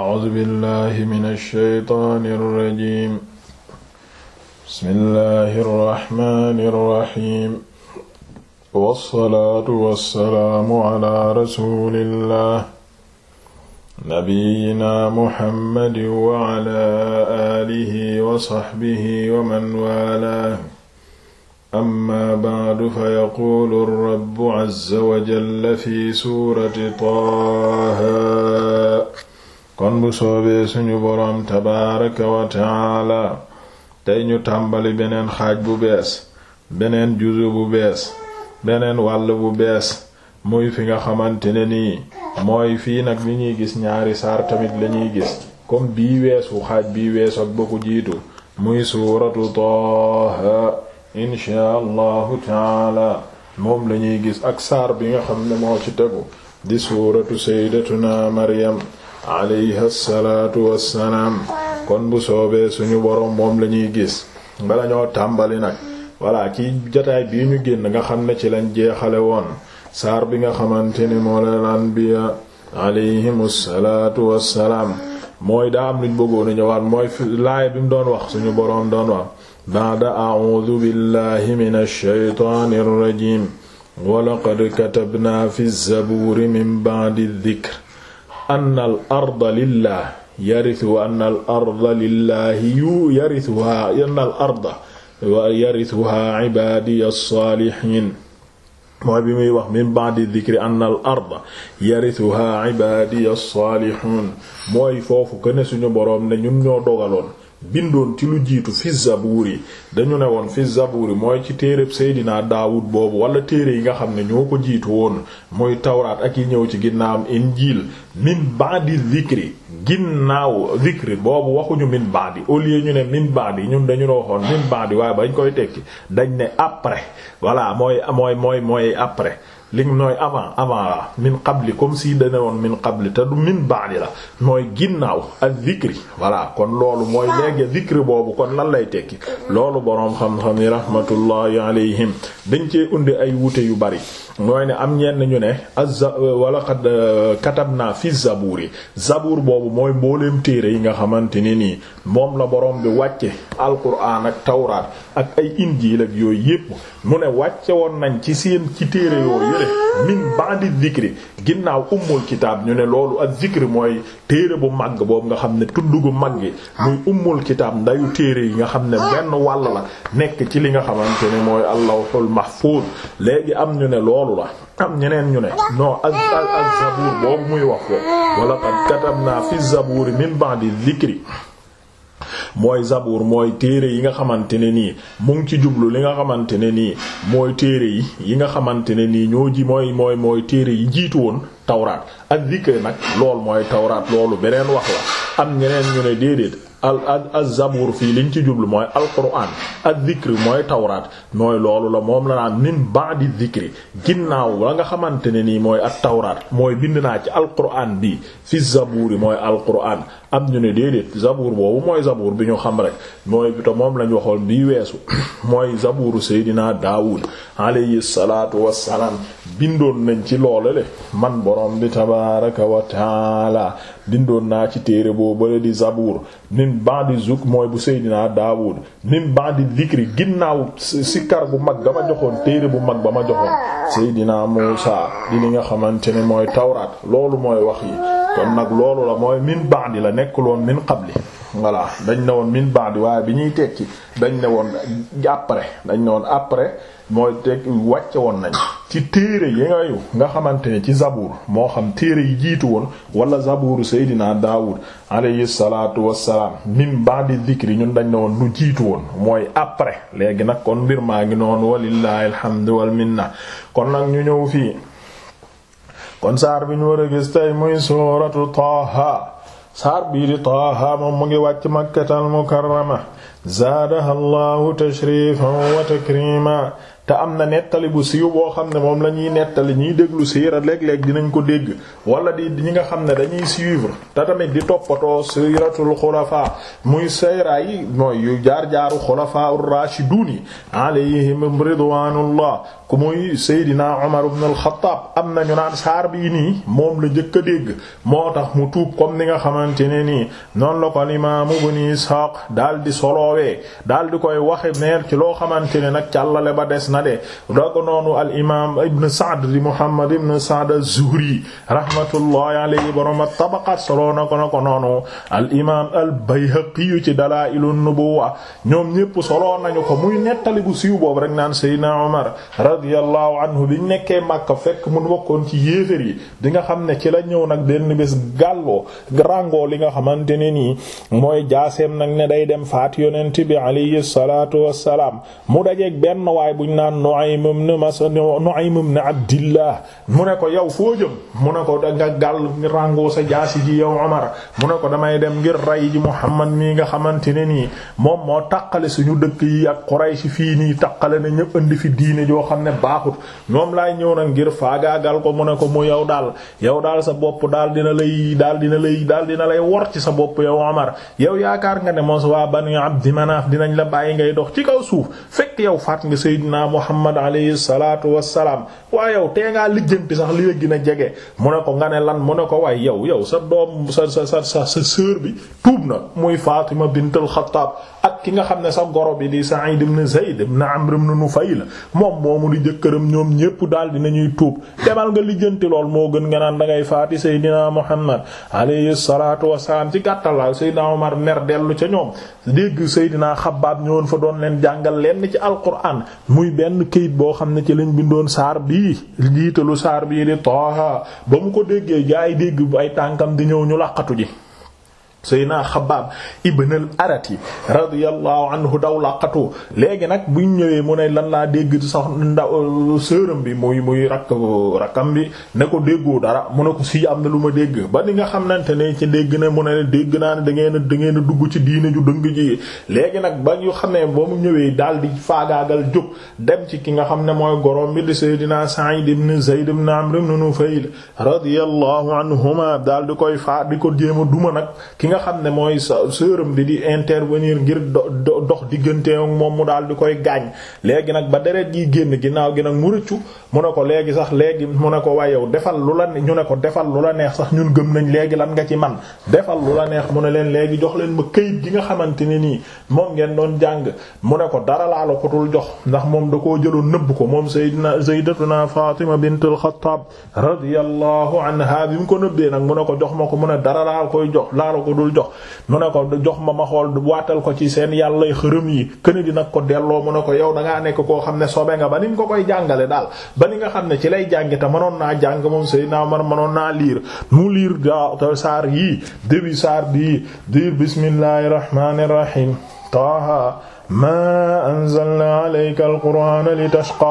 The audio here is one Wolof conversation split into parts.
A'uuzu billaahi mina shaytaani rajiim. Bismillaahi rahmaani rahiim. Wassalaatu wassalaamu alaa rasuulillaah. Nabiyyinaa Muhammadin wa alaa aalihi wa sahbihi wa man waalaahu. Ammaa ba'du fayaquulu rabbu azza wa jalla fi suurati Taaha. kon bu soobee suñu boroom tabaaraka wa taala tey ñu tàmbali beneen xaaj bu bees beneen juzu bu bees beneen wàll bu bees muy fi nga xamante ne nii mooy fii nag li ñuy gis ñaari saar tamit lañuy gis comme bii weesu xaaj bii weesu ak ba jiitu muy suuratu Taaha inchaa allahu taala moom lañuy gis ak saar bi nga xam ne moo ci tegu di suuratu sayyidatuna Maryam alayhi salaatu wassalaam kon bu soobee suñu boroom moom la ñuy gis bala ñoo tàmbali nag voilà ci jataay bii ñu génn nga xam ne ci lañ jeexale woon saar bi nga xamante ni moo lal anbiya alayhimu salaatu wassalaam mooy daa am luñ bëggoon ñëwaat mooy laaya bi mu doon wax suñu boroom doon wax baada a'uudu billahi minash shaytaanir rajiim wa laqad katabnaa fi zabuuri min ba'di dhikr anna al arda lillah yarisu wa anna al arda lillahi yu yarisuha anna al arda wa yarisuha ibadiya salihin mooy bi muy wax min ba'di dhikri anna al arda yarisuha ibadiya salihun mooy foofu ko ne suñu boroom ne ñun ñoo dogaloon bindoon ci lu jiitu fi zabuur yi dañu ne woon fi zabuur yi mooy ci téereb Seydina Daawud boobu wala téere yi nga xam ne ñoo ko jiitu woon mooy tawraat ak yi ñëw ci ginnaawam injiil min ba'di zikri ginnaaw zikri boobu waxuñu min ba'di au lieu ñu ne min ba'di ñun dañu la waxoon min ba'di waaye bañ koy tekki dañ ne après voilà mooy mooy mooy mooy après li nooy avant avant la min qabli comme si dane woon min qabli te du min ba'di la mooy ginnaaw ak zikri voilà kon loolu mooy léegi zikri boobu kon lan lay tekki loolu boroom xam-xam yi rahmatullahi alayhim dañ cee undi ay wute yu bari mooy ne am ñenn ñu ne azza wala qad euh, katabna fi zabuur yi zabuur boobu mooy mbooleem téere yi nga xamante ni nii moom la boroom bi wàcce alquran ak tawraat ak ay injiil ak yooyu yépp mu ne wàcce woon nañ ci seen ci téere yooyu bële min ba'di zikri ginnaaw ummul kitaab ñu ne loolu ak zikri mooy téere bu màgg boobu nga xam ne tudd gu màggi muy umul kitaab ndayu téere yi nga xam ne benn wàll la nekk ci li nga xamante ne mooy allahul mahfuz léegi am ñu ne loolu la am ñeneen ñu ne non ak ak zabuur boobu muy wax ko wala qad katabna fi zabuuri min ba'di zikri mooy zabuur mooy téere yi nga xamante ne nii mu ngi ci jublu li nga xamante ne nii mooy téere yi yi nga xamante ne nii ñoo ji mooy mooy téere yi jiitu woon tawraat ak zikr nag loolu mooy tawraat loolu beneen wax la am ñeneen ñu ne déedéet al al al zabur fii lañ ci jublu mooy alquran ak zikr mooy tawraat mooy loolu la moom la naan min ba'di zikri ginnaaw la nga xamante ne nii mooy ak tawraat mooy bind naa ci alquran bi fi yi mooy alquran am ñu ne déedéet zabur boobu mooy zabur bi ñu xam rek mooy te moom lañu waxoon bii weesu mooy zaburu seydinaa daawud alayhi wassalaam bindoon nañ ci loolale man borom bi tabaaraka wa taala bindoon naa ci téere boobale di zabuur min ba'di zuk mooy bu seydinaa daawud min ba'di dikri ginnaaw sikkar bu mag ba ma joxoon téere bu mag ba ma joxoon seydinaa muusa di li nga xamante ne mooy tawraat loolu mooy wax yi kon nag loolu la mooy min ba'di la nekkuloon min qabli voilà dañ ne woon min ba'd waaye bi ñuy tekki dañ ne woon après dañ ne woon après mooy tekki wàcce woon nañ ci téere yi ngayu nga xamante ne ci zabuur moo xam téere yi jiitu woon wala zabuuru Seydina Daawud alayhi salaatu wassalaam min ba'di dhikri ñun dañ ne woon lu jiitu woon mooy après léegi nag kon mbir maa ngi noonu walillahi alhamdu wal minna kon nag ñu ñëw fii kon saar bi ñu war a gis tey muy suuratu Taaha saar bii di taaha moom mu ngi wàcc makkatal mukarrama zaadaha llahu tashrifan wa takrima te am na nettali bu siiw boo xam ne moom la ñuy nettali ñiy déglu siira léeg-léeg dinañ ko dégg wala di ñi nga xam ne dañuy suivre te tamit di toppatoo siiratul xulafaa muy sayra yi mooy yu jaar-jaaru xulafaa ar-raashidun alayhim ridwaanullah ku muy Seydina Umar ibn al-Khattab am na ñu naan saar bii nii moom la jëkk a dégg moo tax mu tuub comme ni nga xamante ne nii noon la ko Imaam Ibn Ishaq daal di soloowee daal di koy wax neer ci loo xamante ne nag càllale ba des na de dooga noonu al Imaam Ibn Sa'd di Muhammad ibn Sa'd az-Zuhri rahmatullahi alayhi borom at-Tabaqaat soloo na ko noonu al Imaam al-Bayhaqi ci Dalaa'ilun Nubuwwa ñoom ñépp soloo nañu ko muy nettali bu siiw boobu rek naan Seydina Umar radiyallahu anhu biñ nekkee Makka fekk mu bokkoon ci yéefér yi di nga xam ne ci la ñëw nag benn bes gàlloo ràngoo li nga xamante ne nii mooy jaaseem nag ne day dem faat yonent bi alayhi salaatu wassalaam mu dajeeg benn waay buñ naan Nu'aym ay Mas Nu'aym ibn Abdillah mu ne ko yow foo mun mu ne ko danga gàll ràngoo sa jaasi ji yow Umar mun ne ko damay dem ngir ray ji Muhammad mii nga xamante ne nii moom moo taqale suñu dëkk yi ak Quraysh fii nii taqale na ñëpp fi diine ne baaxut moom laay ñëw nag ngir faagaagal ko mu ne ko mu yow daal yow daal sa bopp daal dina lay daal dina lay daal dina lay wor ci sa bopp yow Omar yow yaakaar nga ne mos waa Banu Abdi Manaf dinañ la bàyyi ngay dox ci kaw suuf fekk yow faat nga Seydina Muhammad alayhi salaatu wassalaam waaye yow tee ngaa lijjanti sax li la a jege mu ne ko nga ne lan mu ne ko waaye yow yow sa doom sa sa sa sa sœur bi tuub na muy Fatima bintul Xattaab ak ki nga xam ne sa goro bi di Sa'id ibn Zayd ibn Amr ibn Nufayl moom moomu di jëkkëram ñoom ñépp daal dinañuy tuub demal nga lijjanti lool moo gën nga naan dangay faati Seydina Muhammad alayhi salaatu wasalaam ci gàttal la Seydina Omar mer dellu ca ñoom dégg Seydina Xabbaab ñëwoon fa doon leen jàngal leen ci alquran muy benn kayit boo xam ne ci lañ bindoon saar bii jiitalu saar bii di Taaha ba mu ko déggee gaa yi dégg ay tànkam di ñëw ñu làqatu ji Seyna Xabbaab ibn al-Arati radiyallahu anhu daw laqatu léegi nag buñ ñëwee mu ne lan laa dégg sox ndaw sërëm bi muy muy rakk rakkam bi ne ko déggoo dara mu ne ko si am na lu ma dégg ba ni nga xamante ne ci dégg na mu ne dégg naa ne da ngeen a da ngeen dugg ci diine ju dëng ji léegi nag ba ñu xam ne ba mu ñëwee daal di faagaagal jóg dem ci ki nga xam ne mooy gorom bi di Seydina Sa'id ibn Zayd ibn Amr ibn Nufayl radiyallahu anhuma daal di koy a nga xam ne mooy sa sœuram bi di intervenir ngir do dox diggante ak moom mu daal di koy gaañ léegi nag ba deret yi génn ginnaaw gi nag mu rëccu mu ne ko léegi sax léegi mu ne ko waaye yow defal lu la ñu ne ko defal lu la neex sax ñun gëm nañ léegi lan nga ci man defal lu la mu ne leen léegi jox leen ma këyit gi nga xamante ne nii moom ngeen doon jàng mu ne ko dara laa la ko jox ndax moom da koo jëloon nëbb ko moom sayyidina sayyidatuna Fatima bintul Xattaab radiyallahu anha bi mu ko nëbbee nag mu ne ko jox ma ko mu ne dara laa koy jox dul jox mu ne ko jox ma ma xool waatal ko ci seen yàllay xërëm yi këne di nag ko delloo mu ne ko yow da ngaa nekk koo xam ne sobe nga ba ni mu ko koy jàngale daal ba ni nga xam ne ci lay jàngi te mënoon naa jàng moom Seydina Umar mënoon naa liir mu liir da saar yii débi saar bii diir bismillahir rahmanir rahim taaha maa anzalna alayka alqur'ana litashqa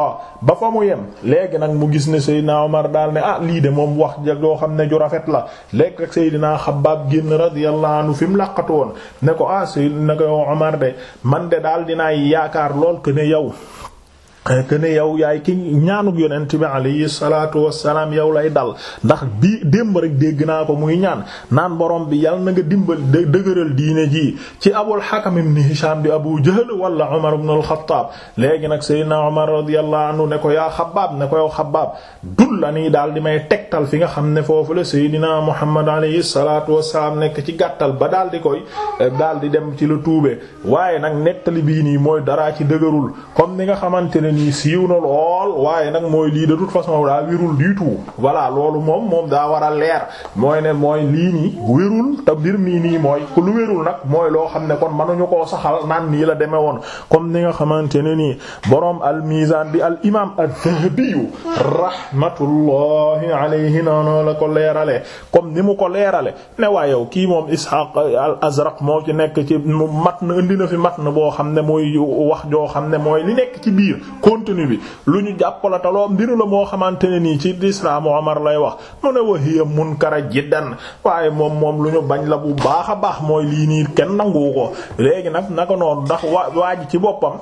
ba fa mu yem léegi nag mu gis ne Seydina Omar daal ne a ah, lii de moom wax ja yoo xam ne ju rafet la léegi rek Seydina Xabbaab génn radiyallahu anhu fi mu laqatu woon ne ko a ah, Seydina ko Omar de man de daal dinaay yaakaar lool que ne yow que ne yow yaay ki ñaanuk yonent bi alayhi salaatu wassalaam yow lay dal ndax bi démb rek dégg naa ko muy ñaan naan borom bi yal na nga dimbal dëgëral diine jii ci abul hakam ibn hisham di abu jahl wala umar ibn al-khattab léegi nag sayyidina umar radiyallahu anhu ne ko yaa xabaab ne ko yow xabaab dullani daal di may tegtal fi nga xam ne foofu la sayyidina muhammad alayhi salaatu wassalaam nekk ci gàttal ba daal di koy eh, daal di dem ci la tuube waaye nag nettali bii nii mooy daraa ci dëgërul ne nii siiw na lool waaye nag mooy lii de toute façon daa wérul du tout voilà loolu moom moom daa war a leer mooy ne mooy lii nii wérul te mbir mii nii mooy ku lu wérul nag mooy loo xam ne kon mënuñu ko saxal naan nii la demee woon comme ni nga xamante ne nii boroom al-Mizan bi al imaam imam ad-Dhahabi rahmatullahi alayhi naa la ko leerale comme ni mu ko leerale ne waa yow kii moom Ishaq al-Azraq moo ci nekk ci mu mat na indi na fi mat na boo xam ne mooy wax joo xam ne mooy li nekk ci biir continue bi lu ñu jàppalataloo mbir la moo xamante ne nii ci islaam Omar lay wax mu ne wahiya munkara jiddan waaye moom moom lu ñu bañ la bu baax a baax mooy lii nii kenn nangu ko léegi nag naka noonu ndax waa waa ji ci boppam.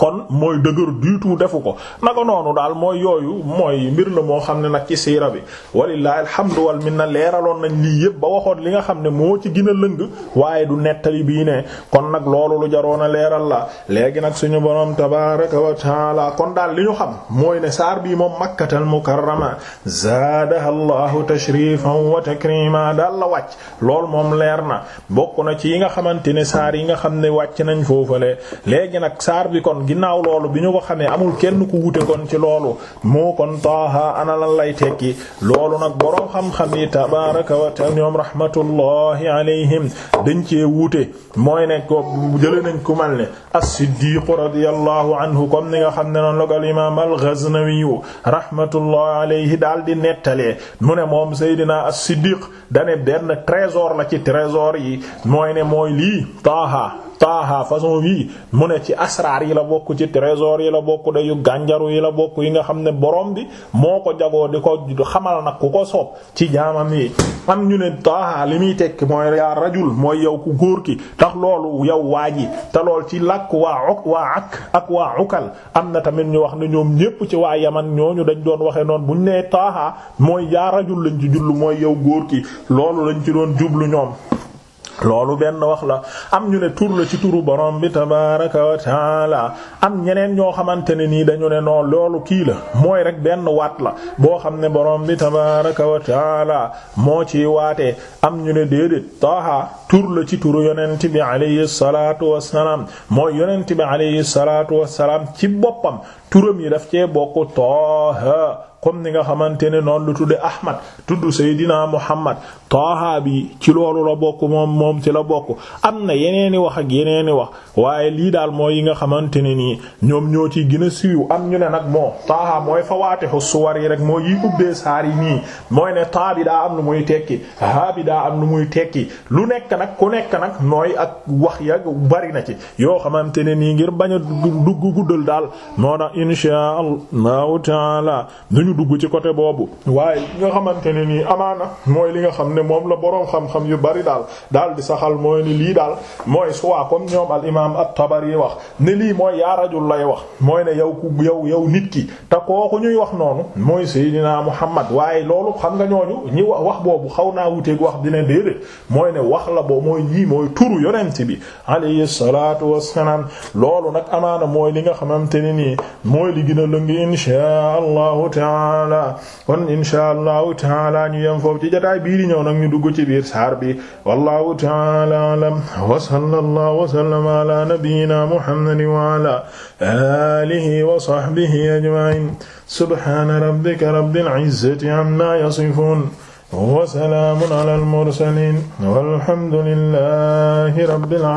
kon mooy dëgër du tout defu ko naka noonu daal mooy yooyu mooy mbir la moo xam ne nag ci siira bi walillahi alhamdu wal na leeraloon nañ lii yëpp ba waxoon li nga xam ne moo ci gën a lëng waaye du nettali bii ne kon nag loolu lu jaroon a leeral la léegi nag suñu borom tabaaraka wa taala kon daal li ñu xam mooy ne saar bii moom makkatal mukarrama zaadaha allahu tashrifan wa takrima daal la wàcc loolu moom leer na bokk na ci yi nga xamante ne saar yi nga xam ne wàcc nañ foofale léegi nag saar bi kon ginnaaw loolu bi ñu ko xamee amul kenn ku wute kon ci loolu moo kon taaha ana lan lay tekki loolu nag boroom xam-xam yi tabaraka wa ta'ala ñoom alayhim dañ cee wuute mooy ne ko jële nañ ku mal ne as xam ne noonu la ko al imam al-Ghaznawi rahmatullahi daal di nettalee mu ne moom Seydina as-Siddiq dane benn trésor la ci trésor yi mooy ne mooy lii taaha taaha façon yii mu ne ci asraar yi la bokk ci trésor yi la bokk de yu gànjaru yi la bokk yi nga xam ne borom bi moo ko jagoo di ko xamal nag ku ko soob ci jaamam yi am ñu ne taaha li muy tekki mooy yaa rajul mooy yow ku góor ki tax loolu yow waa ji te lool ci làkk waa ok waa ak ak waa ukal am na tamit ñu wax ne ñoom ñépp ci waa yaman ñooñu dañ doon waxee noonu bu ñu nee taaha mooy yaa rajul lañ ci jullu mooy yow góor ki loolu lañ ci doon jublu ñoom loolu benn wax la am ñu ne tur la ci turu borom bi tabaraka wa taala am ñeneen ñoo xamante ne nii dañu ne non loolu kii la mooy rek benn waat la boo xam ne borom bi tabaraka wa taala moo ci waatee am ñu ne déedéet taaha tur la ci turu yonent bi alayhi salaatu wassalaam mooy yonent bi alayhi salaatu wassalaam ci boppam turam yi daf cee bokk taaha comme ni nga xamante ne noonu lu tudde Ahmad tudd Seydina Muhammad Taaha yi ci loolu la bokk moom moom ci la bokk am na yeneeni wax ak yeneeni wax waaye lii daal mooy yi nga xamante ne nii ñoom ñoo ciy gën a siiw am ñu ne nag moo Taaha mooy fawaatihu suwar yi rek moo yi ubbee saar yi nii mooy ne taa bi daa am lu muy tekki haa bi daa am lu muy tekki lu nekk nag ku nekk nag nooy ak wax ya bari na ci yoo xamante ne nii ngir bañ a dugg guddal daal moo dugg ci côté boobu waaye li nga xamante ne nii amaana mooy li nga xam ne moom la boroom xam-xam yu bari daal daal di saxal mooy ni lii daal mooy soit comme ñoom al imaam at-Tabari wax ne lii mooy yaa rajul lay wax mooy ne yow ku yow yow nit ki te kooku ñuy wax noonu mooy Seydina Muhammad waaye loolu xam nga ñooñu ñi wax wax boobu xaw naa wuteeg wax dina déedéet mooy ne wax la boo mooy ñii mooy turu yonent bi alayhi salaatu wassalaam loolu nag amaana mooy li li gën a lëng taala kon insha allahu taala ñu yem foofu ci jotaay bii di ñëw nag ñu dugg ci biir saar bi wallahu taala alam wa sallallahu wa sallama ala nabiyyina muhammadin wa ala alihi wa sahbihi ajma'in subhana rabbika rabbil izzati amma yasifun wa salamun ala al mursalin walhamdulillahi rabbil alamin